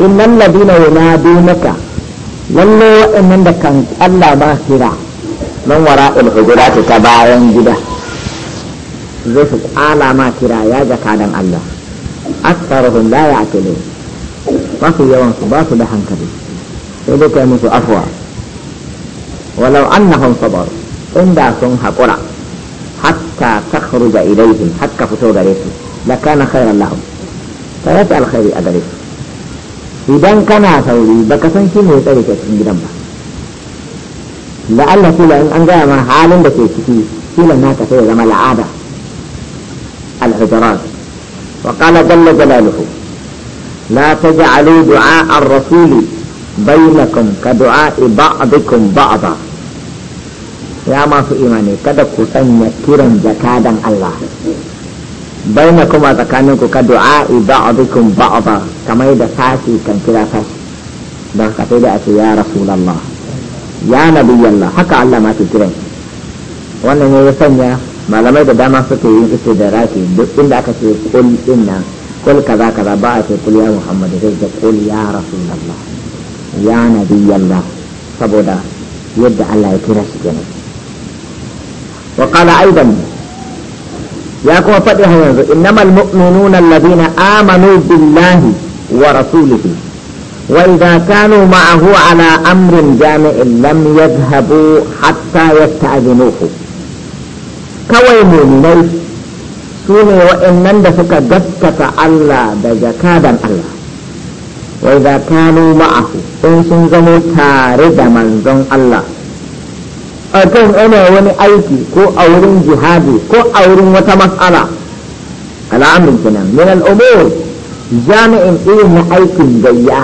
innan ladina yana dunaka lalle wa'annan da kan Allah ba kira man wara ta ta bayan gida zai su kala ma kira ya jaka dan Allah aktsaruhum la ya'qilu ba su yawan su ba su da hankali sai dai kai musu afwa walau annahum sabar inda sun haƙura hatta takhruja ilaihim hatta fito gare su lakana khairan lahum ta alkhairi a gare idan kana sauri baka san shi mai tsare ke cikin gidan ba la'alla kula in an gaya ma halin da ke ciki kila na ka sai zama la'ada al-hijrat wa qala jalla jalaluhu la taj'alu du'a ar-rasul bainakum ka du'a ba'dikum ba'da ya masu imani kada ku sanya kiran jakadan Allah baina kuma tsakanin ku ka du'a ba'dukum ba'da kamar da sashi kan kira sashi don ka sai da a ce ya rasulallah ya nabiyallah haka Allah ma ke kiran wannan ne ya sanya malamai da dama suke yin istidraki duk inda aka ce kul inna kul kaza kaza ba a ce kul ya muhammad sai da kul ya rasulallah ya nabiyallah saboda yadda Allah ya kira shi kenan wa qala aidan ya kuma faɗi har yanzu innamal mu'minuna alladhina amanu billahi wa rasulihi wa idza kanu ma'ahu ala amrin jami'in lam yadhhabu hatta yasta'dhinuhu kawai mu'minai su ne wa'annan da suka gaskata Allah da jakadan Allah wa idza kanu ma'ahu in sun zamo tare da manzon Allah akan ana wani aiki ko a wurin jihadi ko a wurin wata matsala al'amin kenan min al'umur jami'in irin na aikin gayya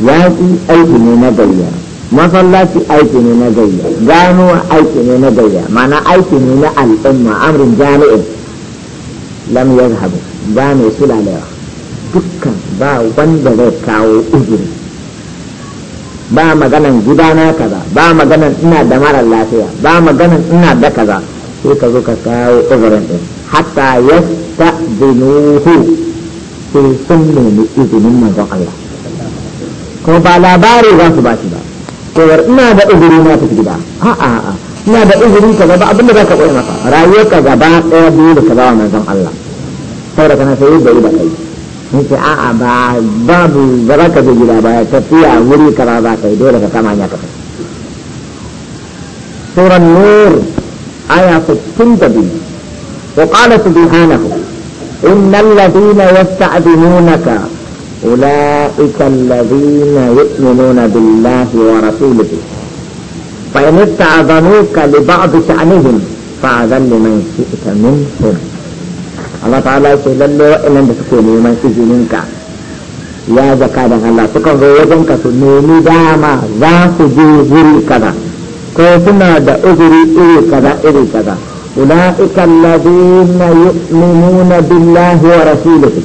yaƙi aiki ne na gayya masallaci aiki ne na gayya ganuwa aiki ne na gayya mana aiki ne na al'umma amrin jami'in lam yazhabu ba mai sulalewa dukkan ba wanda zai kawo uzuri ba maganan gudana kaza ba maganan ina da marar lafiya ba maganan ina da kaza sai ka zo ka kawo uzurin din hatta yasta binuhu sai sun nemi izinin manzon Allah ko ba labari za su ba shi ba war ina da izini na tafi gida a a'a ina da izinin kaza ba abinda za ka koyi maka rayuwar ka gaba ɗaya biyu da ka ba wa manzon Allah saboda kana sai da yi da kai nake a'a ba babu ba za ka je gida ba tafiya wuri kaza za ka yi dole ka kama hanya ka kai suran nur aya 62 wa qala subhanahu innal ladina yasta'dinunaka أولئك الذين يؤمنون بالله ورسوله فإن استأذنوك لبعض شأنهم فأذن لمن شئت منهم amma ta Allah ce lalle wa'annan da suke neman izinin ya jaka da Allah suka zo wajen ka su nemi dama za su je wuri kaza ko suna da uzuri iri kaza iri kaza ulaika alladhina yu'minuna billahi wa rasulihi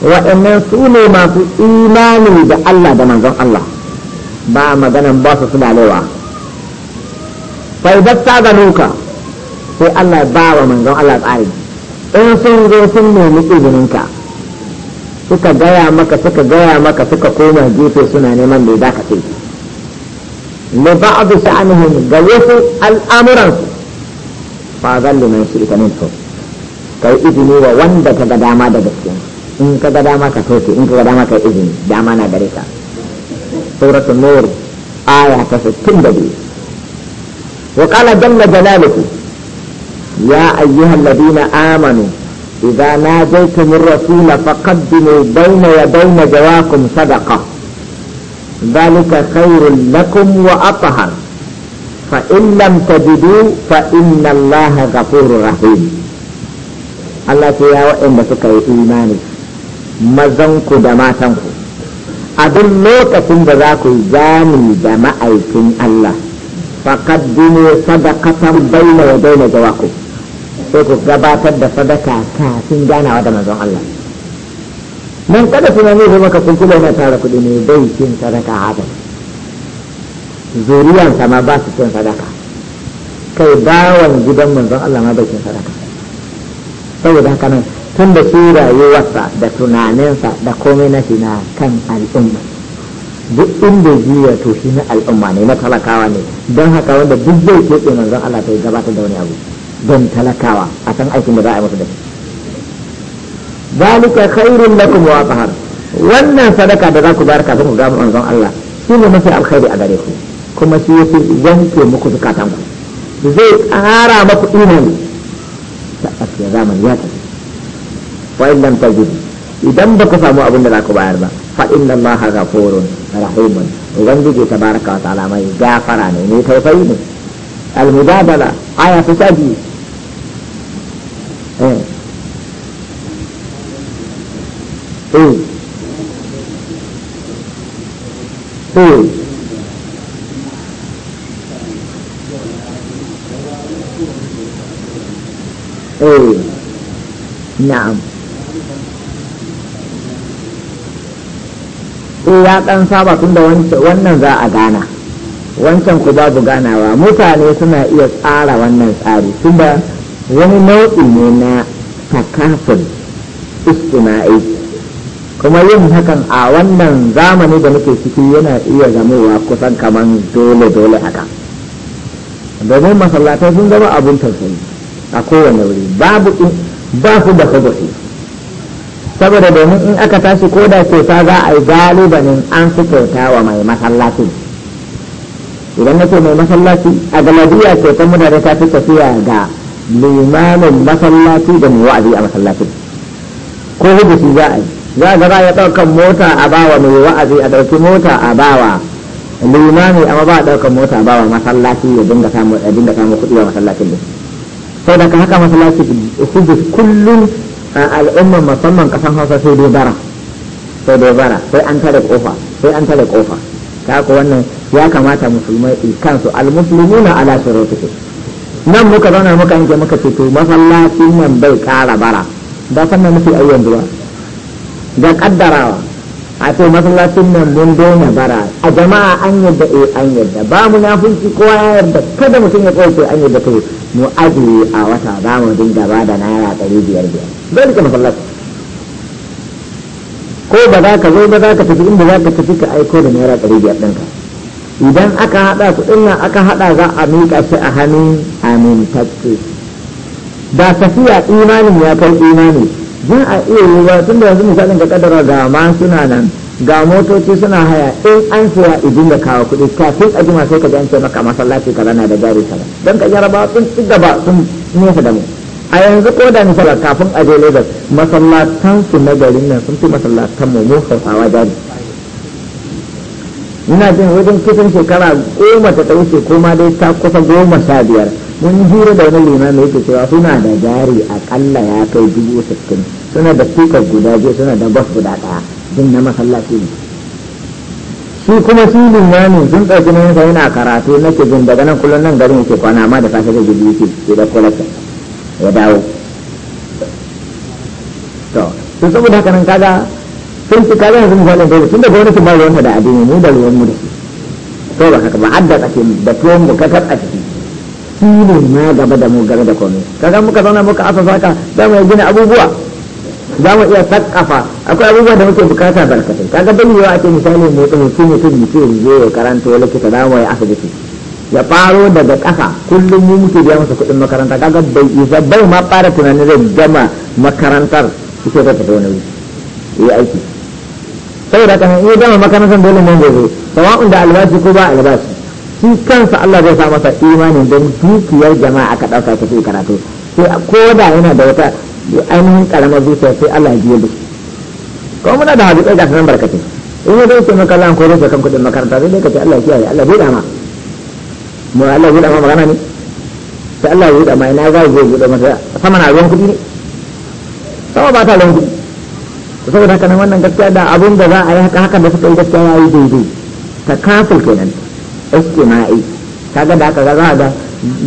wa'annan su ne masu imani da Allah da manzon Allah ba maganan ba su suna lewa faidatta ga nuka sai Allah ya bawa wa manzon Allah tsari in sun zo sun nemi izininka suka gaya maka suka gaya maka suka koma gefe suna neman me ce ne ba a bisa anihin ga wasu al'amuran da mai shirka ne to kai izini wa wanda ka ga dama da gaskiya in ka ga dama ka toke in ka ga dama ka izini dama na gare ka suratun nur aya ta 62 وقال جل جلاله يا أيها الذين آمنوا إذا ناديتم الرسول فقدموا بين يدي نجواكم صدقة ذلك خير لكم وأطهر فإن لم تجدوا فإن الله غفور رحيم Allah ce ya waɗanda suka yi imani mazanku da matanku a duk lokacin da za ku yi zani da ma'aikin Allah faƙaddimu sadakatan baina sai ku gabatar da sadaka kafin ganawa da manzon Allah mun kada tunani zai maka kunkula yana tara kuɗi ne bai cin sadaka haka zuriyan ma ba su cin sadaka kai bawan gidan manzon Allah ma bai cin sadaka saboda haka nan tun da shi rayuwarsa da tunaninsa da komai na shi na kan al'umma duk inda jiya to shi na al'umma ne na talakawa ne don haka wanda duk zai keɓe manzon Allah ta gabatar da wani abu don talakawa a san aikin da za a masu da zalika khairun lakum wa tahar wannan sadaka da za ku bayar kafin ku ga manzon Allah shi ne mafi alkhairi a gare ku kuma shi yake yanke muku zakatan ku zai ƙara muku imani ta asiya zamani ya tafi wa lam tajid idan ba ku samu abin da za ku bayar ba fa inna allaha ghafurun rahimun ubangiji tabaraka wa ta'ala mai gafara ne ne tausayi ne al mudabala aya ta biyu na'am eh, ya ɗan saba tun da wannan za a gana wancan ku babu ganawa mutane suna iya tsara wannan tsari tun da wani nau'i ne na takafin istina'i kuma yin hakan a wannan zamani da muke ciki yana iya zamowa kusan kaman dole-dole haka domin masallatai sun zama abin tausayi a kowane wuri babu ba su da hudusi saboda domin in aka tashi ko da kyauta za a yi galibanin an fi kyauta wa mai masallaci idan nake mai masallaci a galadiya kyautar mutane ta fi tafiya ga limanin masallaci da mai wa'azi a masallaci ko hudusi za a yi za a ba ya ɗaukan mota a bawa mai wa'azi a ɗauki mota a bawa limami amma ba a ɗaukan mota a bawa masallaci ya dinga samu ya dinga samu kuɗi wa masallacin da sau da haka masallaci hudus kullum a al'ummar musamman kasan hausa sai dai bara sai dai bara sai an tare ƙofa sai an tare ƙofa ta haka wannan ya kamata musulmai kansu al na ala shurutikum nan muka zauna muka yanke muka ce to masallacin nan bai kara bara ba san nan muke ayyan ba da kaddarawa a ce masallacin nan mun daina bara a jama'a an yadda eh an yadda ba mu nafunci kowa ya yarda kada mutum ya tsaye an yadda kai mu ajiye a wata ba mu dinga ba da naira ɗari biyar biyar dole ka masallaci ko ba za ka zo ba za ka tafi inda za ka tafi ka aiko da naira ɗari biyar ɗinka idan aka haɗa kuɗin nan aka haɗa za a miƙa shi a hannun amintacce da tafiya imanin ya kai imani zan a iya yi ba tun da yanzu misalin ka kadara ga ma suna nan ga motoci suna haya in an siya idin da kawo kuɗi kafin a jima sai ka jance maka masallaci kaza na da jari kaza don ka ba sun ci gaba sun nesa da mu a yanzu ko da misalar kafin a je Lagos masallatan su na garin nan sun fi masallatan mu mu Hausawa jari ina jin wajen kusan shekara goma ta wuce ko ma dai ta kusa goma sha biyar mun hira da wani limami yake cewa suna da jari akalla ya kai dubu sittin suna da tukar guda biyu suna da bas guda ɗaya din na masallaci ne shi kuma shi limamin sun ɗauki nan sa yana karatu nake jin daga nan kullum nan garin yake kwana amma da safe da gudu yake ke da kwalata ya dawo to sun saboda haka nan kaga sun ci kaga yanzu misalin kai tun da gwamnati ba ruwan da addini mu da ruwan mu da shi to ba haka ba adda tsake da tuwon mu kakar a ciki shi ne ma gaba da mu gaba da komai kaga muka zauna muka asa saka za mu gina abubuwa za mu iya sakafa akwai abubuwa da muke bukata barkatai kaga bayyana a ce misali mu mutum mutum mutum yanzu ya wani likita za mu yi asibiti ya faro daga ƙasa kullum mu muke biya masa kuɗin makaranta kaga bai isa bai ma fara tunanin zai gama makarantar suke ta tafi wani wuri yi aiki saboda kan iya gama makarantar dole mun gobe sawa'un da albashi ko ba albashi shi kansa Allah zai sa masa imanin don dukiyar jama'a ka ɗauka ta fi karatu sai a koda yana da wata ainihin karamar zuciya sai Allah biyo da ko muna da hadisai ga sanan barkace in ya zai ce maka ko kore ka kan kuɗin makaranta sai dai ka ce Allah kiyaye Allah buɗa ma mu Allah buɗa ma magana ne sai Allah buɗa ma ina za zai buɗa masa sama na ruwan kuɗi ne sama ba ta ruwan kuɗi saboda haka nan wannan gaskiya da abun da za a yi haka haka da suka yi gaskiya ya yi daidai ta kafin kenan istima'i kaga da aka za da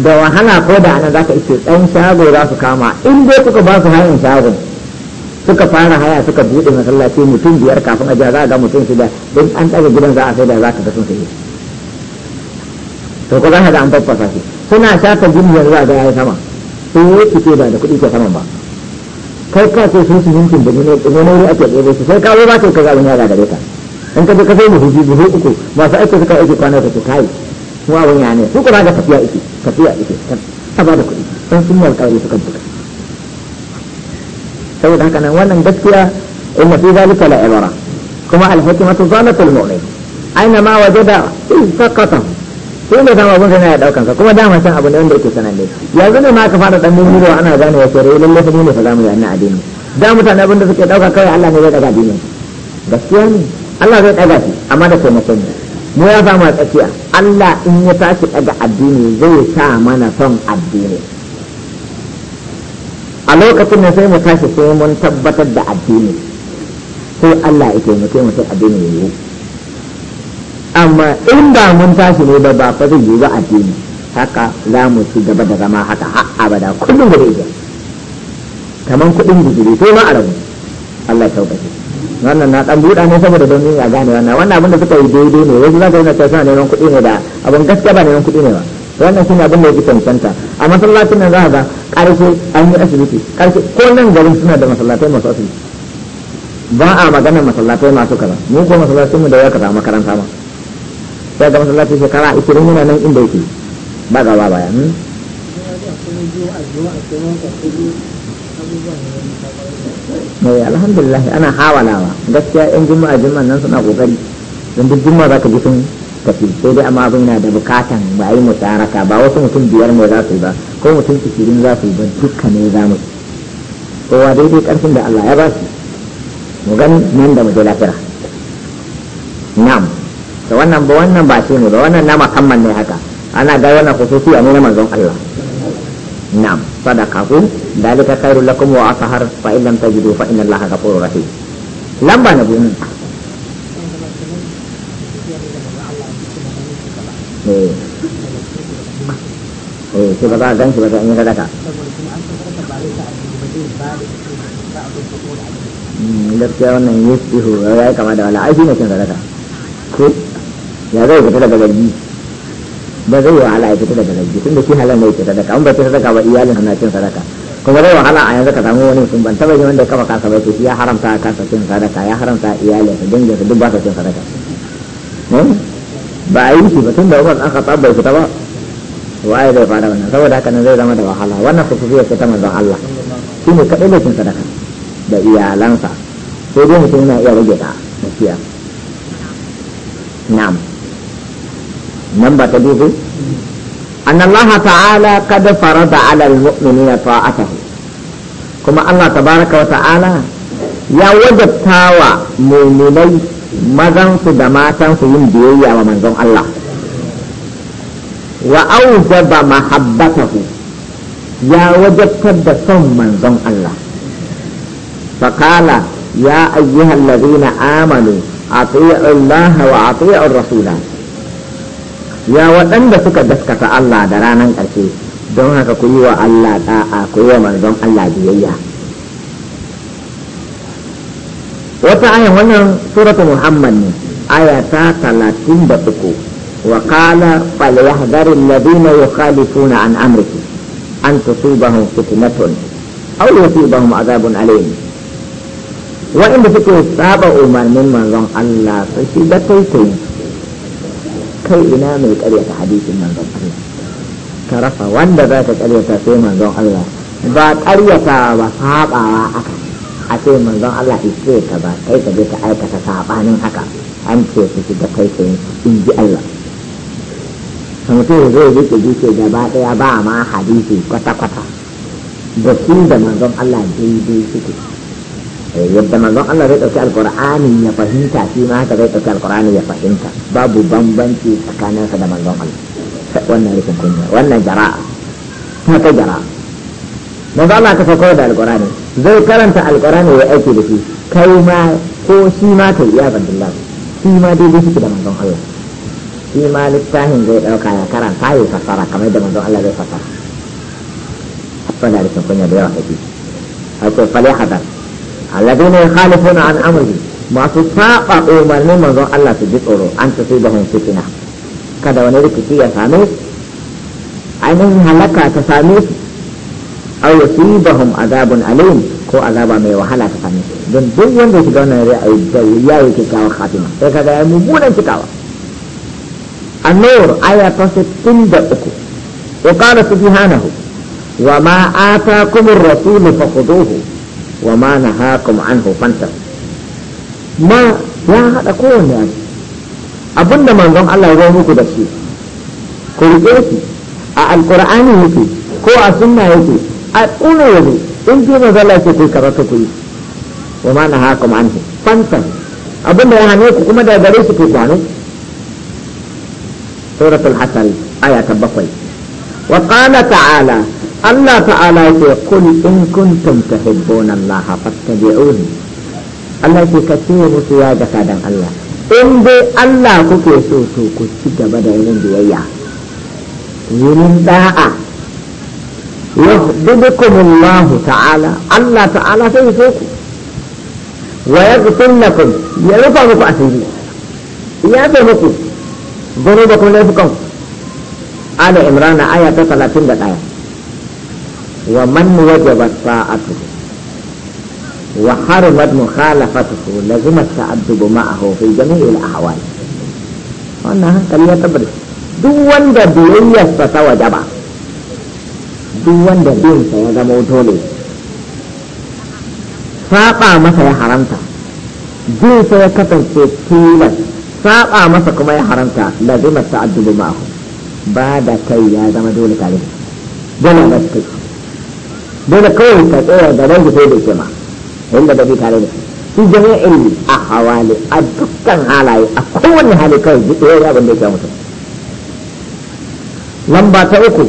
da wahala ko da ana zaka ice dan shago za su kama in dai kuka ba su hayan shago suka fara haya suka bude masallaci mutum biyar kafin a za ga mutum shida don an daga gidan za a sai da za ka ga sun sai to ko za ka ga an faffasa shi suna shafa jiniyar zuwa ga yayi sama sai ya kike ba da kuɗi ko saman ba kai ka ce sun su yankin da ne ne ake da su sai ka zo ba ka ga wani ya ga gagare ka in ka je ka sai buhu biyu buhu uku masu aiki suka aiki kwana da su kayi kuma abin ya ne su kuma ga tafiya ike tafiya ike ta ba da kuɗi in sun yi alƙawari suka buga saboda haka nan wannan gaskiya in fi zalika la ibara kuma al-hikmatu zalatul mu'min aina ma wajada faqata ko ne dama abun sana ya daukan ka kuma dama san abu ne wanda yake sananne yanzu ne ma ka fara dan nuni ana gane wa sai lalle fa ne fa zamu yi annabi addini da mutane abin da suke dauka kai Allah ne ya daga addini gaskiya ne Allah zai ɗaga shi amma da taimakon mu mu ya zama tsakiya Allah in ya tashi ɗaga addini zai sa mana son addini a lokacin da sai mu tashi sai mun tabbatar da addini sai Allah ya taimake mu sai addini ya yi amma in ba mun tashi ne ba ba fa zai yi ba addini haka za mu ci gaba da zama haka har abada kullum da zai kamar kuɗin guzuri sai ma a rabu Allah ya tabbata wannan na dan buɗa ne saboda don a gane wannan wannan abin da suka yi daidai ne wasu za ka yi na ne neman kuɗi ne da abin gaskiya ba neman kuɗi ne ba wannan shine abin da yake cancanta a masallacin nan za ga ƙarshe an yi asibiti ƙarshe ko nan garin suna da masallatai masu asibiti ba a magana masallatai masu kaza mu ko masallacin mu da ya kaza makaranta ma sai ga masallaci shekara 20 yana nan inda yake ba gaba baya hmm? mai eh, alhamdulillah ana hawalawa gaskiya yan juma'a juma'a nan suna kokari don duk juma'a za ka ji sun tafi sai dai amma abin yana da bukatan ba a yi musaraka ba wasu mutum biyar ne za su yi ba ko mutum ishirin za su yi ba dukkan ne za mu kowa daidai karfin da Allah ya ba su mu gani nan da mu je lafira nam da wannan ba wannan ba ce ne da wannan na makamman ne haka ana ga wannan kusurfi a ne na manzon Allah na'am صدقكم ذلك خير لكم وأطهر فإن لم تجدوا فإن الله غفور رحيم لما نقول eh eh, ya kama da wala shi ya zai daga ba zai wahala a fita daga laifi tunda shi halar ne ke sadaka an ba ta sadaka ba iyalin na cin sadaka kuma zai wahala a yanzu ka samu wani mutum ban taba yawan wanda ya kafa kasa ba shi ya haramta a kasa cin sadaka ya haramta a iyalin sa dangin sa duk ba sa cin sadaka hmm? ba a yi shi ba tun da umar an kasa bai fita ba waye zai fara wannan saboda haka nan zai zama da wahala wannan su ta manzon Allah ne kadai da cin sadaka da iyalansa sai dai mutum yana iya rage ta gaskiya na'am nan ba ta dubi an Allah ta'ala kada farada ala al-mu'mini kuma Allah tabaraka wa ta'ala ya wajabtawa mu'minai mazan su da matan su yin biyayya wa manzon Allah wa awjaba mahabbatahu ya wajabtar da son manzon Allah fakala ya ayyuhal ladina amanu atiyu Allah wa atiyu ar-rasulah ya waɗanda suka gaskata Allah da ranar ƙarshe don haka ku yi wa Allah ɗa'a ku yi wa manzon Allah biyayya wata aya wannan suratu muhammad ne aya ta talatin da uku wa qala fal yahdharu alladhina yukhalifuna an amrihi an tusibahum fitnatun aw yusibahum adhabun alim inda suke saba umarnin manzon Allah su shiga taitayi kai ina mai karyata hadisin manzon Allah ka rasa wanda za ka karyata sai manzon Allah ba karyata ba sabawa aka a ce manzon Allah ishe ka ba kai ka je ka aikata sabanin haka an ce su da kai ka in ji Allah kan mutum zai rike duke gaba daya ba ma hadisi kwata-kwata da sun da manzon Allah daidai suke yadda manzon Allah zai ɗauki alkur'ani ya fahimta shi ma haka zai ɗauki alkur'ani ya fahimta babu bambanci tsakaninsa da manzon Allah wannan rikin kunya wannan jara'a ta ta jara'a manzon Allah ka sauko da alkur'ani zai karanta alkur'ani ya aiki da shi kai ma ko shi ma kai ya bandilla shi ma dai shi da manzon Allah shi ma littafin zai ɗauka ya karanta ya fassara kamar da manzon Allah zai fassara wannan rikin kunya da yawa kake a ce fali hadar alladhina yukhalifuna an amri masu saba umarnin manzon Allah su ji tsoro an tusibahum fitna kada wani rikici ya same su ainihin halaka ta same su aw yusibahum azabun alim ko azaba mai wahala ta same su don duk wanda ya shiga wannan ra'ayi da wuya yake kawo khatima sai kaga ya mummunan cikawa النور آية 63 وقال سبحانه وما آتاكم الرسول فخذوه wa ma na hakum an hufanta ma ya haɗa kowane abu abinda manzon Allah ya zo muku da shi ku riƙe shi a alƙur'ani yake ko a sunna yake a tsuna yake in ji mazala ce ku karatu ku yi wa ma na hakum an hufanta abinda ya hane ku kuma da gare shi ku kwano suratul hasal aya ta bakwai wa ta'ala Allah ta'ala ce kun in kuntum tuhibbuna Allah fattabi'un Allah ce kace ce musu ya ga kadan Allah in dai Allah kuke so to ku ci gaba da yin biyayya yin da'a yahdibukum Allah ta'ala Allah ta'ala sai so ku wa yaghfir lakum ya rufa muku asiri ya ce muku kullu laifukan ala Imran aya ta 31 wa man wajabat sa'atuhu wa harimat mukhalafatuhu lazima ta'addubu ma'ahu fi jami'il ahwal wannan hankali ya tabbata duk wanda biyayyarsa ta wajaba duk wanda binsa ya zama dole saba masa ya haramta binsa ya kasance tilas saba masa kuma ya haramta lazima ta'addubu ma'ahu ba da kai ya zama dole dole ba kai dole kawai ka tsaya da da sai da ke ma wanda da bi tare da su shi jami'in a hawali a dukkan halaye a kowane hali kawai duk ya abin da ya mutum lamba ta uku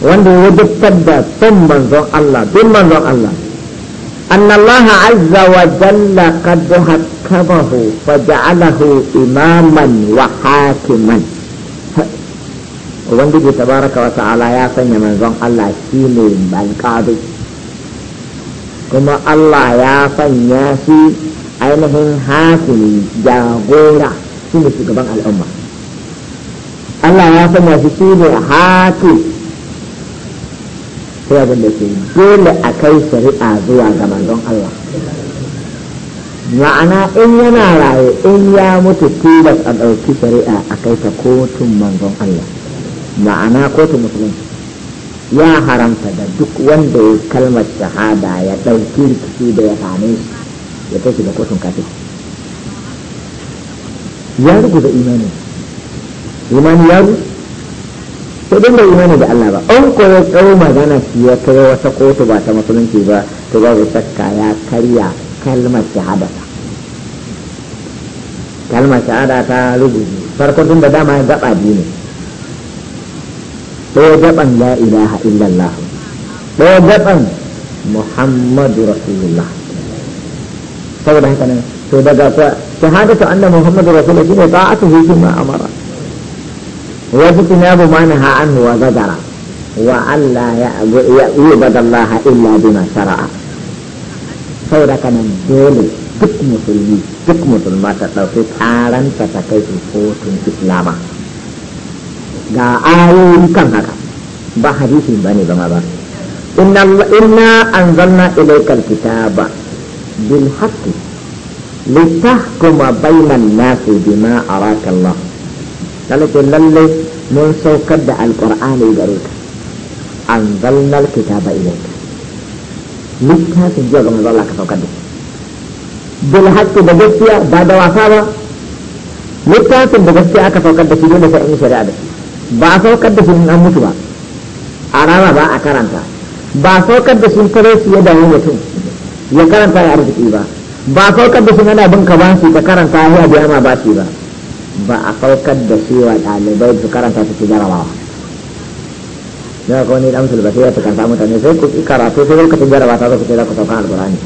wanda ya wajabtar da son manzon Allah tun manzon Allah أن الله عز وجل قد حكمه فجعله إماما وحاكما ubangiji tabaraka wa ta'ala ya sanya manzon Allah shine alqadi kuma Allah ya sanya shi ainihin hakimi jagora ne shugaban al'umma Allah ya sanya shi ne haki sai abin da ke dole a kai shari'a zuwa ga manzon Allah ma'ana in yana raye in ya mutu tilas a ɗauki shari'a a kai ta kotun manzon Allah ma'ana kotun musulunci ya haramta da duk wanda ya kalmar shahada ya ɗauki rikici da ya hane shi ya kai shi da kotun kafin ya rubuta imani imani ya rubuta sai dai bai imani da Allah ba an ko ya tsawo magana shi ya kai wata kotu ba ta musulunci ba to babu shakka ya karya kalmar shahada ta kalmar shahada ta rubuce farko tun da dama gaba biyu ne ɗaya gaban la ilaha illallah ɗaya gaban muhammadu rasulullah saboda haka nan to daga kuwa ta anna muhammadu rasulullah shine ta'atuhu ma amara wa jitinabu ma naha anhu wa zajara wa alla ya'budu Allah illa bima shara'a saboda haka nan dole duk musulmi duk musulma ta ɗauki karanta ta kai su kotun islama ga ayoyin kan haka ba hadisi ba ne ba ma ba inna anzalna ilaikal kitaba bil haqqi litahkuma bainan nasi bima araka Allah talaka lalle mun saukar da alqur'ani gare ka anzalna alkitaba ilaika littafin jiya ga manzo Allah ka saukar da bil haqqi da gaskiya ba da wasa ba littafin da gaskiya aka saukar da shi dole sai in shari'a da shi ba a saukar da sun nan mutu ba a rana ba a karanta ba a saukar da sun shi su ya damu mutum ya karanta ya arziki ba ba a saukar da sun yana bin ka bashi ka karanta ya biya ma bashi ba ba a saukar da shi wa ɗalibai su karanta su ci jarabawa da ka wani damsul ba sai ya tukanta mutane sai ku karatu sai lokacin jarabawa ta zo ku ce za ku sauka alburani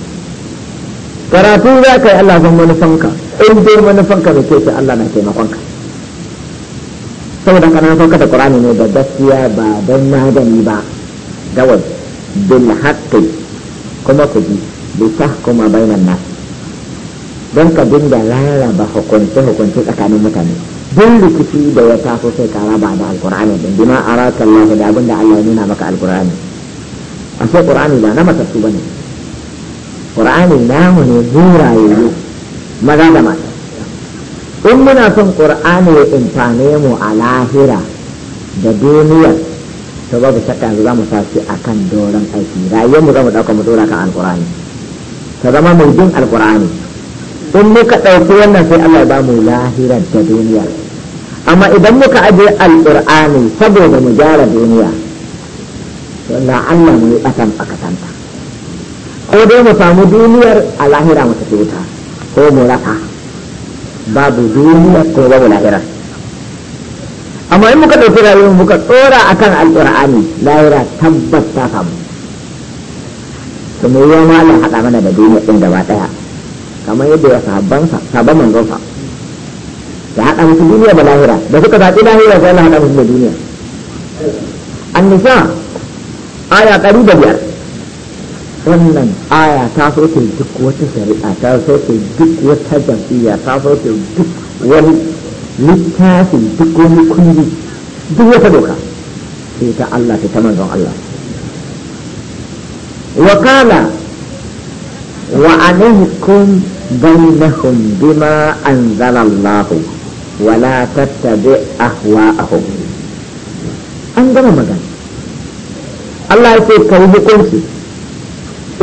karatu za ka yi Allah zan manufanka in dai manufanka da ke ce Allah na taimakonka saboda kana so kada qur'ani ne da gaskiya ba don magani ba gawai bil haqqi kuma ku bi bi tahkuma bainan nas don ka dinga lalaba hukunci hukunci tsakanin mutane duk rikici da ya taso sai ka raba da alqur'ani din bima araka Allah da abinda Allah ya nuna maka alqur'ani ashe qur'ani ba na matattu bane qur'ani namu ne yoyo maza da mata in muna son ƙur'ani ya imfane mu a lahira da duniya to babu shakka yanzu za mu tafi a kan doron aiki rayuwar mu za mu ɗauka mu dora kan alƙur'ani ta zama mai bin alƙur'ani in muka ɗauki wannan sai Allah ya ba mu lahira da duniya amma idan muka ajiye alƙur'ani saboda mu gyara duniya to na Allah mu yi ɓatan ɓakatanta ko dai mu samu duniyar a lahira mu tafi wuta ko mu raka babu duniya ko babu lahira amma in muka ɗauki rayuwar muka tsora a kan alƙur'ani lahira tabbas ta samu kuma yiwa ma Allah haɗa mana da duniya ɗin gaba ɗaya kamar yadda ya sahabbansa sabon manzonsa ya haɗa musu duniya da lahira da suka zaɓi lahira sai Allah haɗa musu da duniya annisa aya ɗari da biyar wannan aya ta soke duk wata shari'a ta soke duk wata jam'iyya ta soke duk wani littafin duk wani kundi duk wata doka sai ta Allah ta ta manzon Allah wakala wa alaikum bainahum bima anzala Allah wala tattabi ahwa'ahum an gama magana Allah ya ce kai hukunci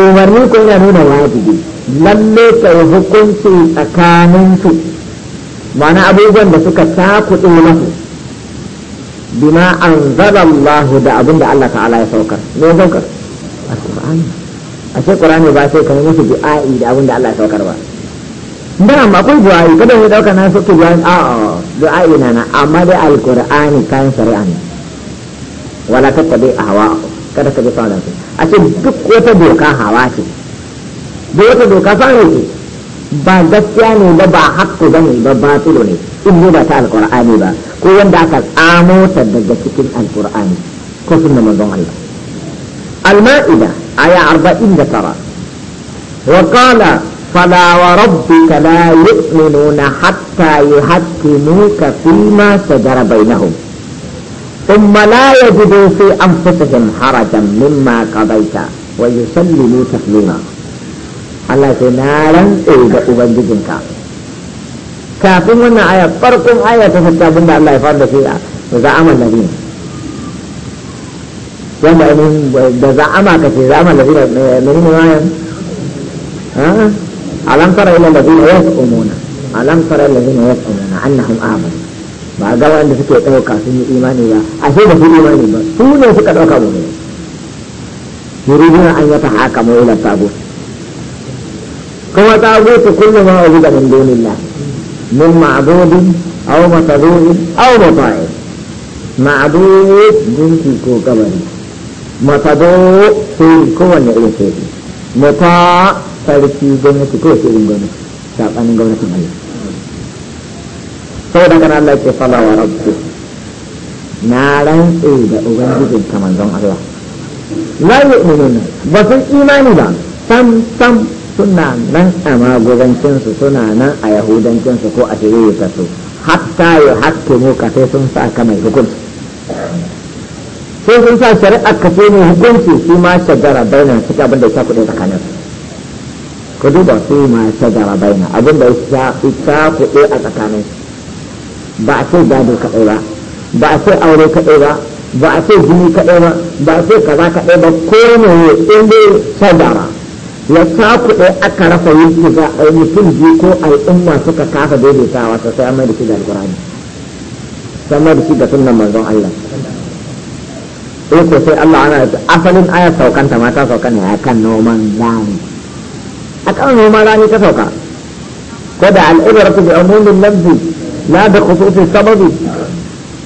umarni kun ya nuna wajibi lalle kai hukunci tsakanin su mana abubuwan da suka takuɗe masu bima an zaba Allah da abin da Allah ta'ala ya saukar ne saukar alƙur'ani a ce ƙur'ani ba sai kamar musu du'a'i da abin da Allah ya saukar ba da amma akwai du'a'i kada mu dauka na sauke du'a'i a'a du'a'i na na amma dai alƙur'ani kan shari'a ne wala tattabi ahwa kada ka bi sauran su a ce duk wata doka hawa ce duk wata doka sani ce ba gaskiya ne ba ba hakku ba ne ba batulo ne in ba ta alkur'ani ba ko wanda aka tsamo ta daga cikin alkur'ani ko sunna manzon Allah al-ma'ida aya 49 wa qala فلا وربك لا يؤمنون حتى يحكموك فيما شجر بينهم ثم لا يجدوا في أنفسهم حرجا مما قضيت ويسلموا تسليما Allah ce na rantse da Ubangijinka kafin wannan aya farkon aya ta fasta abinda Allah ya fara da shi a za'aman nabi wanda ainihin da za'ama ka ce za'aman nabi ne ne mayan alam tara ila ladina yas'umuna alam tara ila ladina yas'umuna annahum amanu ba ga wanda suke ɗauka sun yi imani ba a sai da su imani ba su ne suka ɗauka mu ne yuriduna an yata haka mu ila tagut kuma tagut kullu ma wajida min dunillah min ma'budin aw matadun aw muta'i ma'bud gunki ko kabari matado sai kowanne irin sai muta sarki gwamnati ko sai irin gwamnati sabanin gwamnatin Allah saboda kana Allah ke fala wa rabbi na rantse da ubangijin ka manzon Allah la ne ba sun imani ba sam sam suna nan a magogancin su suna nan a yahudancin su ko a ta su hatta ya hakke mu ka sai sun sa ka mai hukunci sai sun sa shari'ar ka sai mai hukunci su ma shagara baina suka abin da ya kuɗe tsakanin su ku duba su ma shagara baina abin da ya kuɗe a tsakanin su ba a sai gado kaɗai ba ba a sai aure kaɗai ba ba a sai jini kaɗai ba ba a sai kaza kaɗai ba ko meye ya dai shagara ya sa kuɗe aka rasa yin shiga a mutum biyu ko al'umma suka kafa daidaitawa ta sai amma da shi da alƙur'ani sama da shi da sunan manzon Allah eh ko sai Allah ana asalin aya saukanta mata sauka ne akan noman rani akan noman rani ka sauka ko da al'ibratu bi umumin lafzi la da khususin sababi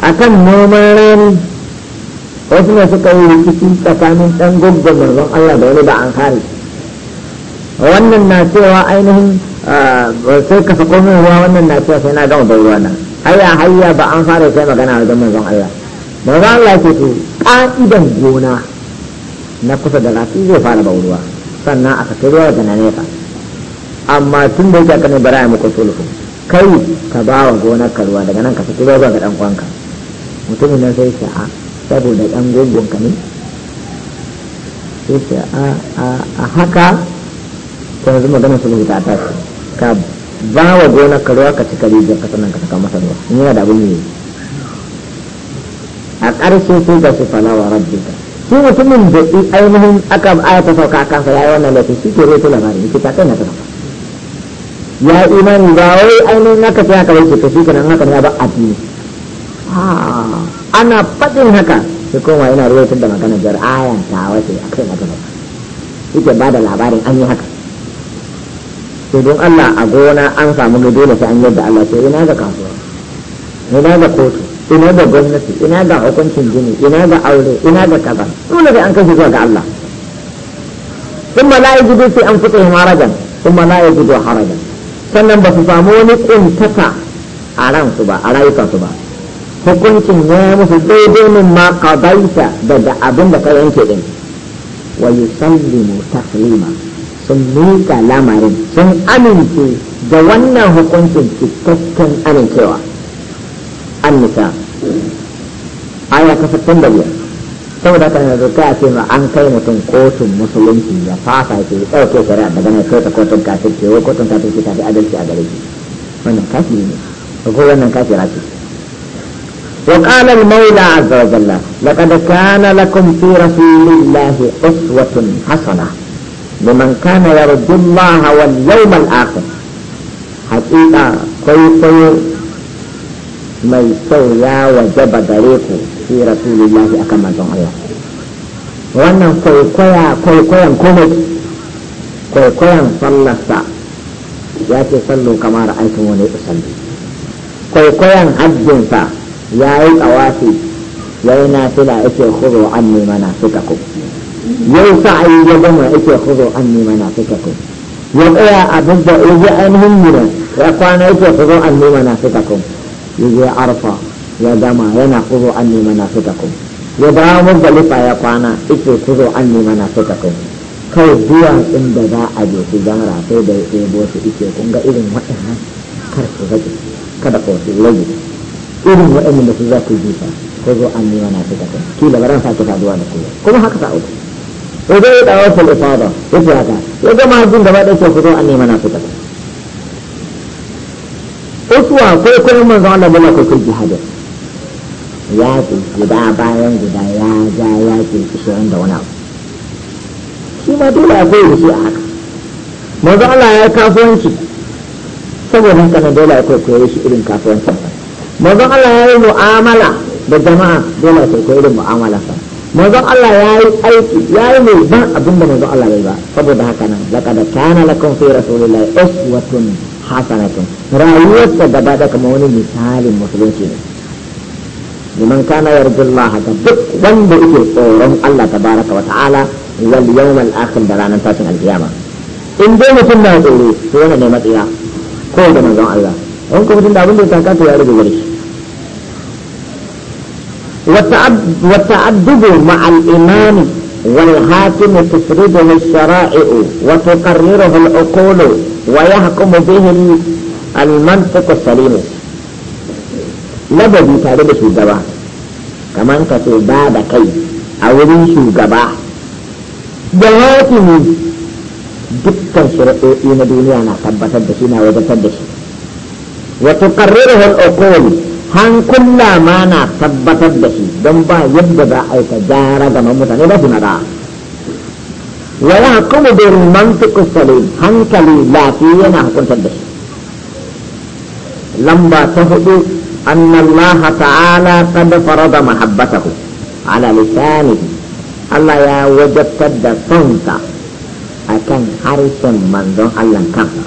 akan noman rani wasu ne suka yi rikici tsakanin ɗan goggon manzon Allah da wani da an kare wannan na cewa ainihin sai ka sako min ruwa wannan na cewa sai na gama da ruwa na hayya hayya ba an fara sai magana wajen manzon Allah manzon Allah ce to ka'idan gona na kusa da rafi zai fara ba ruwa sannan aka kai ruwa daga na nefa amma tun da yake aka ne bara ya muku sulhu kai ka ba wa gonar ka ruwa daga nan ka saki roba ga dan kwanka mutumin nan sai sha'a saboda dan gungun ka ne sai a haka ta yanzu magana sulhu rubuta ta ka ba wa gonar ka ruwa ka cika rijiyar ka sannan ka saka masa ruwa in yana da abin yi a ƙarshe sai ga su falawa rabbika shi mutumin da ainihin aka aya ta sauka a kansa ya yi wannan laifin shi ke ta labarin shi ta kai na ta kafa ya imani ba wai ainihin naka sai haka yake ka shi kenan haka ne ba addini ah, ana fadin haka sai koma yana ruwaitar da magana jar ayan ta wace a kai magana yake ba da labarin an yi haka sai don Allah a gona an samu ga dole sai an yadda Allah sai ina ga kasuwa ina ga kotu ina ga gwamnati ina ga hukuncin jini ina ga aure ina ga kaza dole sai an kai zuwa ga Allah ثم لا يجد في أنفسهم حرجا ثم لا يجد حرجا sannan ba su samu wani kuntaka a ransu ba a rayukansu ba hukuncin ya yi musu daidai min ma qadaita daga abin da ka yanke din wa yusallimu taslima sun mika lamarin sun amince da wannan hukuncin cikakken amincewa annisa aya ta 65 saboda haka yanzu ka ce ma an kai mutum kotun musulunci ya fasa ke ɗauke shari'a daga mai kai ta kotun kafin ce wai kotun kafin ce tafi adalci a gare shi wannan kafi ne ko wannan kafi rafi وقال المولى عز وجل لقد كان لكم في رسول الله أسوة حسنة لمن كان يرجو الله واليوم الآخر حقيقة كوي كوي ما يسوي وجب دريكم fi rasulillahi akan manzon Allah wannan kwaikwaya kwaikwayan komai kwaikwayan sallarsa ya ce sallu kamar aikin wani usalli kwaikwayan hajjinsa ya yi tsawafi ya yi nafila yake huzo an nema na suka ku yau sa'ayi ya gama yake huzo an nema na suka ku ya tsaya abin da ya ji ainihin ya kwana yake huzo an nema na suka ku ya je arfa ya gama yana kuzo an nema na suka kun ya dawo balifa ya kwana ike kuzo an nema na suka kun kawai duwatsun da za a je su zan rafe da ya ɗebo su ike kun ga irin waɗannan kar ku zaki kada ku su rage irin waɗannan da su za ku jifa kuzo an nema na suka kun kila ba ran sake saduwa da ku kuma haka sa'udu ya zai ya dawo fulifada ya fi haka ya gama jin gaba da ke kuzo an nema na suka kun. Uswa kuma manzon Allah bala kwaikwayon jihadin yaƙi guda bayan guda ya ja yaƙi kusurin da wani abu shi ma dole a goyi shi a haka manzo Allah ya kafuwanci saboda haka ne dole a kwaikwaye shi irin kafuwanci. sa manzo Allah ya yi mu'amala da jama'a dole a kwaikwaye irin mu'amala sa manzo Allah ya yi aiki ya yi mai ban abin da manzo Allah bai ba saboda haka nan laqad kana lakum fi rasulillahi uswatun hasanatun rayuwarsa gaba da kamar wani misalin musulunci ne لمن كان يرجو الله تبك وند اكل الله تبارك وتعالى واليوم الاخر دران انتاس القيامة ان دي مكنا تقولي سوانا نعمت الى قول دمان زوان الله هم كنت انت عبندو تاكاتو يا رجو وليش والتعدد مع الامام والحاكم تفرد الشرائع وتقرره العقول ويحكم به المنطق السليم ladabi tare da shugaba kamar ka ba da kai a wurin shugaba da hakimi dukkan shirɗoɗi na duniya na tabbatar da shi na wajatar da shi wa tuqarriruhu al-uqul hankula ma na tabbatar da shi don ba yadda za a yi ka gyara gaban mutane ba su na da wa kuma bil mantiq salim hankali lafiya yana hukuntar da shi lamba ta hudu أن الله تعالى قد فرض محبته على لسانه الله يا وجب تد صنطة أكن حرس من ذو الله كفر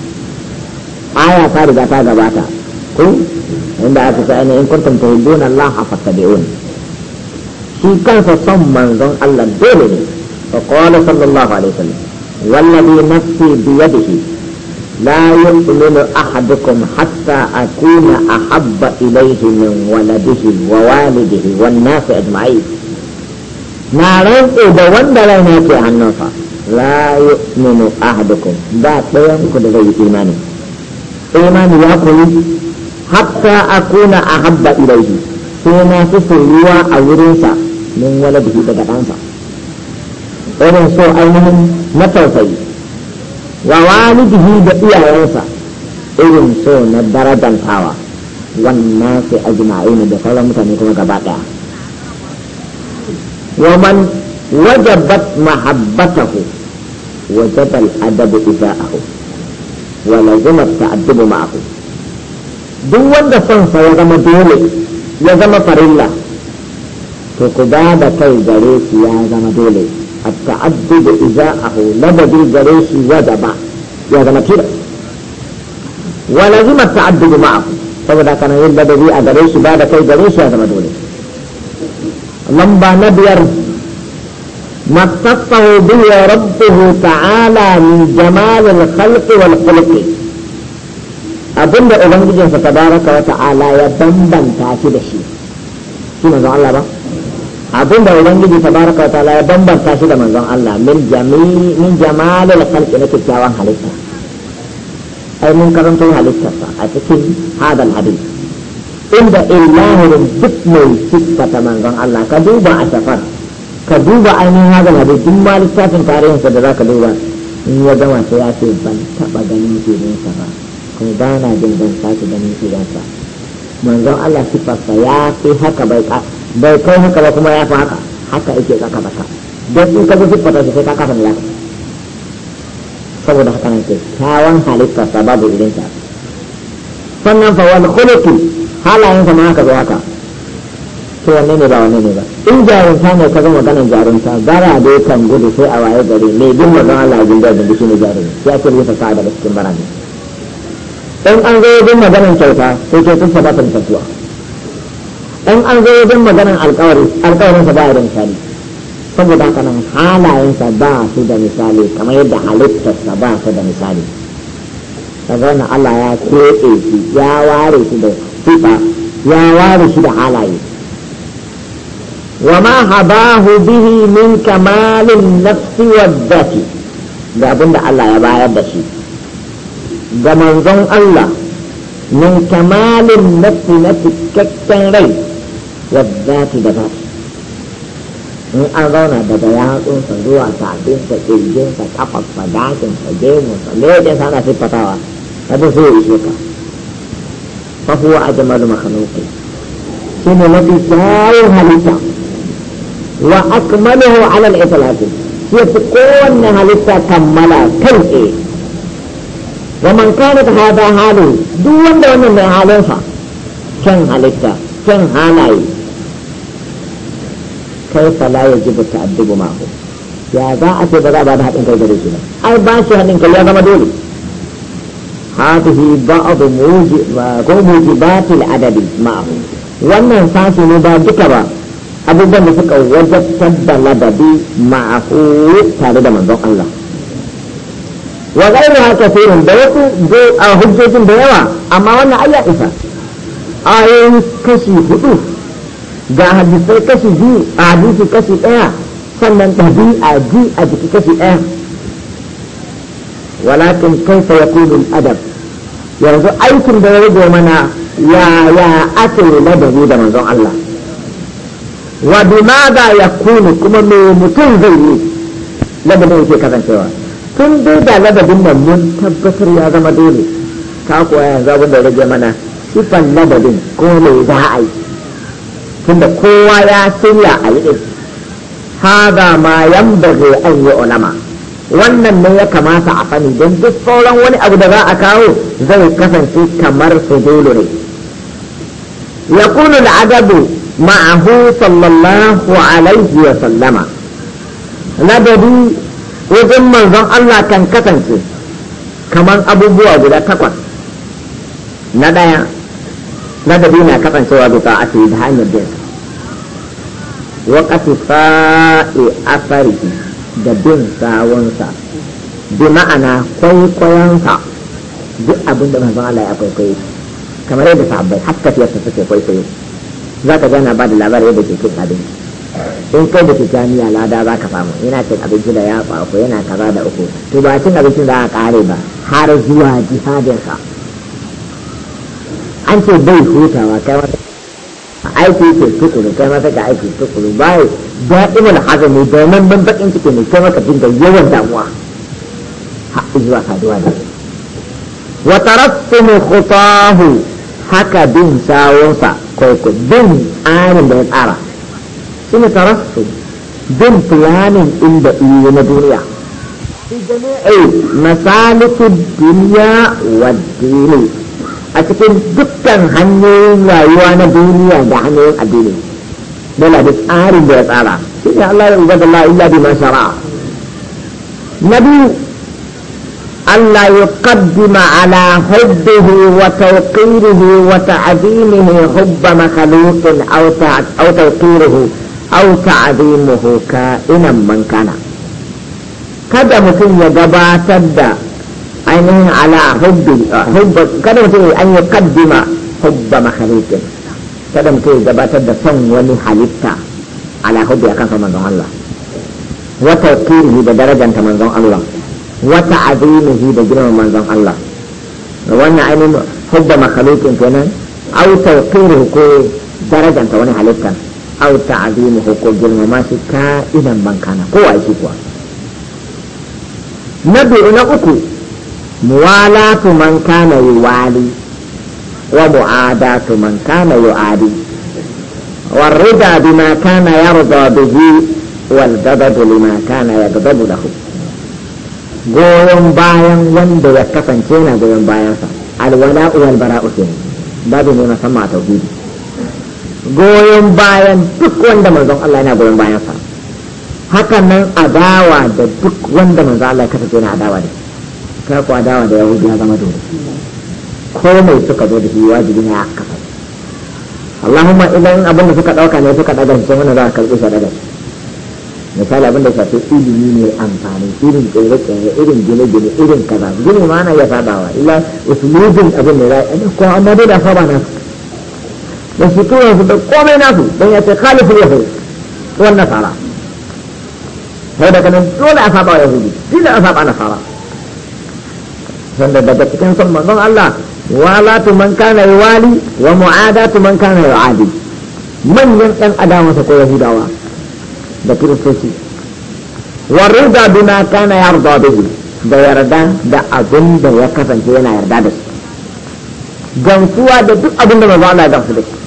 آية فارغة هذا باتا كو عند أكسا آية إن كنتم تهدون الله فاتبعوني شي كنف صم من ذو الله دولني فقال صلى الله عليه وسلم والذي نفسي بيده لا يؤمن أحدكم حتى أكون أحب إليه من ولده ووالده والناس أجمعين ما رأيك إذا وند لنا في النصر لا يؤمن أحدكم ذات ينقل ذي إيمان إيمان يقول حتى أكون أحب إليه سينا تسلوا أو من ولده بدأ أنصر إذن سوء أيهم نتوسيه wa walidihi da iyayensa irin so na darajantawa wannan sai ajma'in da sauran mutane kuma gaba daya wa man wajabat mahabbatahu wajaba al-adabu iza'ahu wa lazima ta'addubu ma'ahu duk wanda son sa ya zama dole ya zama farilla to ku ba da kai gare shi ya zama dole تعدد إزاءه لبد الجريس وجب يا ذنكيرا ولازم التعدد معه فإذا كان يلبد بي أجريس بعد كي جريس يا ذنكيرا لما نبير ما اتطه بي ربه تعالى من جمال الخلق والخلق أبن أولنجي تبارك وتعالى يبنبن تاكيد الشيء كما الله abin da ubangiji kawata ta'ala ya bambanta shi da manzon Allah min jami min khalqi na kyakkyawan halitta ai mun karanto halittarsa a cikin hadal hadith inda illahirin duk mai siffata manzon Allah ka duba a safar ka duba ainihin hadal hadith duk ma littafin tarihinsa da zaka duba in ya gama sai ya ce ban taba ganin sa ba kuma ba na jin ban sake ganin sa manzon Allah siffarsa ya fi haka bai bai kai haka ba kuma ya fi haka haka yake ka kafa ta don in ka zafi fata sai ka kafa milaka saboda haka nan ke kyawan halitta ta babu irin ta sannan fa wani kulutu halayen sa ma haka zo haka to wanne ne ba wanne ne ba in jarunta ne ka zama maganar gara da ya kan gudu sai a waye gari ne bin mazan Allah ya gindar da shi ne jarumi ya ce rufe sa'a daga cikin bara in an zo bin maganin kyauta sai ke tun sabatar ta dan an zo wajen maganar alkawari alkawarin sa ba ya da misali saboda haka nan sa ba su da misali kamar yadda halittarsa ba su da misali kaga wannan Allah ya keɓe shi ya ware shi da sifa ya ware shi da halaye وما هباه به من كمال النفس والذات da abin da Allah ya bayar da shi ga manzon Allah min kamalin nafi na cikakken rai والذات دبات in an zauna daga yatsunsa zuwa sabinsa ƙirjinsa kafarsa dakinsa gemunsa lejensa ana siffatawa kada sai ya ishe ka fa huwa ajmalu makhluqi shine mafi kyawun halitta wa akmaluhu ala al-itlaq yafi kowanne halitta kammala kan tsaye wa man kana hada halu duk wanda wannan mai halinsa kyan halitta kyan halaye kai fala ya ji ba ta'addubu ma'ahu ya za a ce ba za a ba da haɗin kai gare shi ba ai ba shi haɗin kai ya zama dole hadihi ba'adu ko mujibatil adadi ma'ahu wannan sashi ne ba duka ba abubuwan da suka wajabtar da ladabi ma'ahu tare da manzon Allah wa ghayruha kathirun da wasu a hujjojin da yawa amma wannan ayya isa ayoyin kashi hudu ga hadisai kashi biyu a hadisi kashi ɗaya sannan ɗabi'a ji a jiki kashi ɗaya walakin kaifa ya kudu adab yanzu aikin da ya rage mana ya ya ake ladabi da manzon Allah wa za ya kunu kuma me mutum zai yi ladabin yake kasancewa tun dai da ladabin nan mun tabbatar ya zama dole ta kuwa yanzu abin da ya rage mana sifan ladabin ko me za a yi tunda kowa ya shirya a yi haga ma yambage an yi ulama wannan ne ya kamata a fani don duk sauran wani abu da za a kawo zai kasance kamar su dole ne يقول العدد معه صلى الله عليه وسلم لددي وجن wajen manzon allah kan kasance kamar abubuwa guda takwas na ɗaya na na kasancewa bisa a da hanyar dinsa wa a asarihi da bin sawunsa bi ma'ana kwaikwayonsa duk abin da mazan Allah ya kwaikwayo kamar yadda sahabbai haska su suke kwaikwayo za ka gana ba da labarai yadda ke cin abinci in kai da jami'a lada za ka samu yana cin abinci da yatsa ko yana kaza da uku to ba cin abincin za a kare ba har zuwa jihadinsa an ce bai hutawa kai wata aiki ke tukuru kai ma ka aiki tukuru bai da'imul hazami domin ban bakin ciki ne kai maka dinga yawan damuwa zuwa saduwa ne wa tarattumu khutahu haka bin sawunsa ko ko bin tsarin da ya tsara shine tarattum bin planin inda iyo na duniya في جميع duniya wa dini a cikin dukkan hanyoyin rayuwa na duniya da hanyoyin addini yana da tsarin da ya tsara shi ne Allah ya rubuta Allah illa bi shara'a na biyu Allah ya qaddima ala hubbihi wa tawqirihi wa ta'zimihi hubba makhluqin aw aw tawqirihi aw ta'zimuhu ka'inan man kana kada mutum ya gabatar da ainihin ala hubbi ah, hubba kada mutum an yi kaddima hubba mahalikin kada mutum ya gabatar da son wani halitta ala hubbi akan son manzon Allah wata tawqirihi da darajanta manzon Allah wata ta'zimihi da girma manzon Allah wannan ainihin hubba mahalikin kenan aw tawqirihi ko darajanta wani halitta aw ta'zimihi ko girmama shi ka idan bankana kowa shi kuwa na biyu na uku muwalatu man kana yuwali wa mu'adatu man kana yu'adi والرضا بما كان يرضى به والغضب لما كان يغضب له goyon bayan wanda ya kasance na goyon bayansa alwala wal bara'u kenan babu ne san a tauhidi goyon bayan duk wanda manzon Allah yana goyon bayansa hakan nan adawa da duk wanda manzon Allah ya kasance na adawa da shi ka kwadawa da yahudi ya zama dole ko mai suka zo da shi wajibi ne a kafa Allahumma idan abin da suka dauka ne suka daga shi mana za a karbi shi daga misali abin da shafi ilimi ne amfani irin tsere-tsere irin gine-gine irin kaza gini ma na iya sabawa illa usulubin abin da ya a yi ko amma dai da saba nasu da su tura su da komai nasu don ya ce khalifu hau wannan sara sai daga nan dole a saba yahudi dole a saba nasara wanda daga cikin son manzon Allah tu man kana yuwali wa mu'adatu man kana yu'adi manyan ɗan adawa sa ko yahudawa da kiristoci wa rida bima kana yarda bihi da yarda da abin da ya kasance yana yarda da shi gamsuwa da duk abin da manzon Allah ya gamsu da shi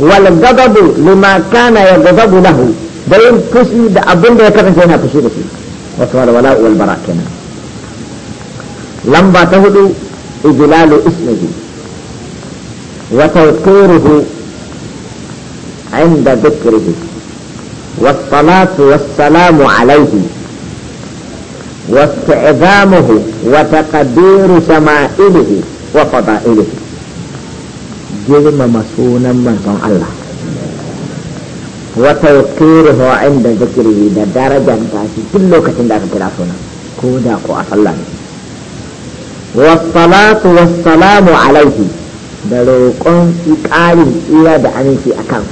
wal gadabu lima kana yaghdabu lahu da yin fushi da abin da ya kasance yana fushi da shi wasu wala wal bara kenan lamba ta hudu ijilalu ismihi wa tawqiruhu inda dhikrihi wa salatu wa salamu alayhi wa ta'zamuhu wa taqdiru sama'ihi wa fada'ihi jirma masunan manzon Allah wa tawqiruhu inda dhikrihi da daraja ta cikin lokacin da aka kira suna ko da ko a sallah والصلاة والسلام عليه دلوقون إقالي إلا دعني في أكام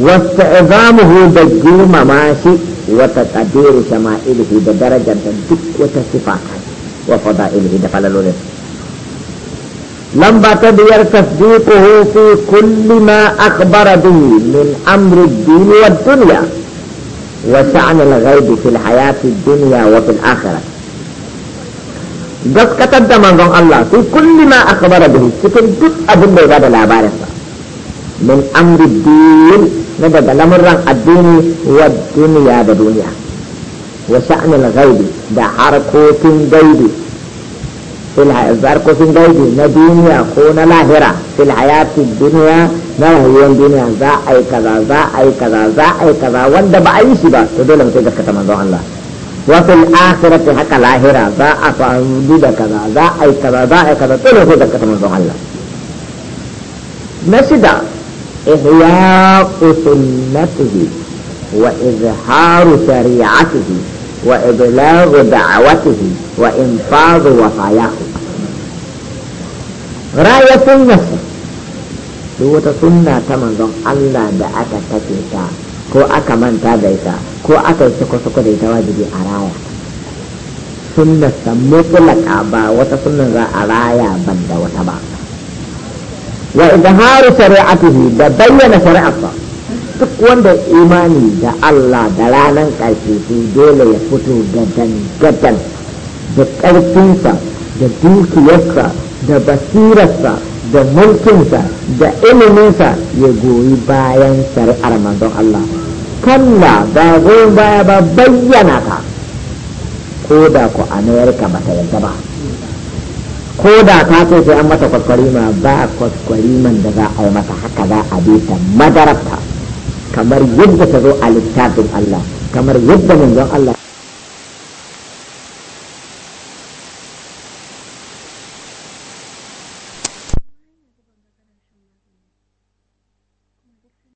واستعظامه دجيم ماشي وتتدير شمائله بدرجة الدك وتصفات وفضائله دفل الولد لم تدير تصديقه في كل ما أخبر به من أمر الدين والدنيا وشأن الغيب في الحياة الدنيا وفي الآخرة gaskatar da manzon Allah su kulli ma akhbara bihi cikin duk abin da ya bada labarin sa min amri din na daga lamuran addini wa duniya da duniya wa sha'nil ghaibi da harkokin gaibi fil harkokin gaibi na duniya ko na lahira fil hayati duniya na rayuwar duniya za a yi kaza za a yi kaza za a yi kaza wanda ba a yi shi ba to dole mutum gaskata manzon Allah وفي الآخرة حق الآخرة ذا أفعدود كذا ذا أي كذا ذا أي كذا تلو في ذكة من الله نسدا إحياء سنته وإظهار شريعته وإبلاغ دعوته وإنفاذ وصاياه راية النسل سوة سنة sunna ta manzon Allah كو aka take ta ko aka yi sako-sako da ita wajibi a raya suna samu kulaka ba wata suna za a raya ban da wata ba wa idharu shari'atihi da bayyana shari'arsa duk wanda imani da Allah da ranar ƙarfi su dole ya fito gadan gadan da ƙarfinsa da dukiyarsa da basirarsa da mulkinsa da iliminsa ya goyi bayan shari'ar manzon Allah kalla ba goyon baya ba bayyana ka ko da ku amerika ba ta yarda ba ko da ta ce sai an mata kwaskwarima ba kwaskwariman da za a yi mata haka za a bi ta madarata kamar yadda ta zo a littafin allah kamar yadda manzon allah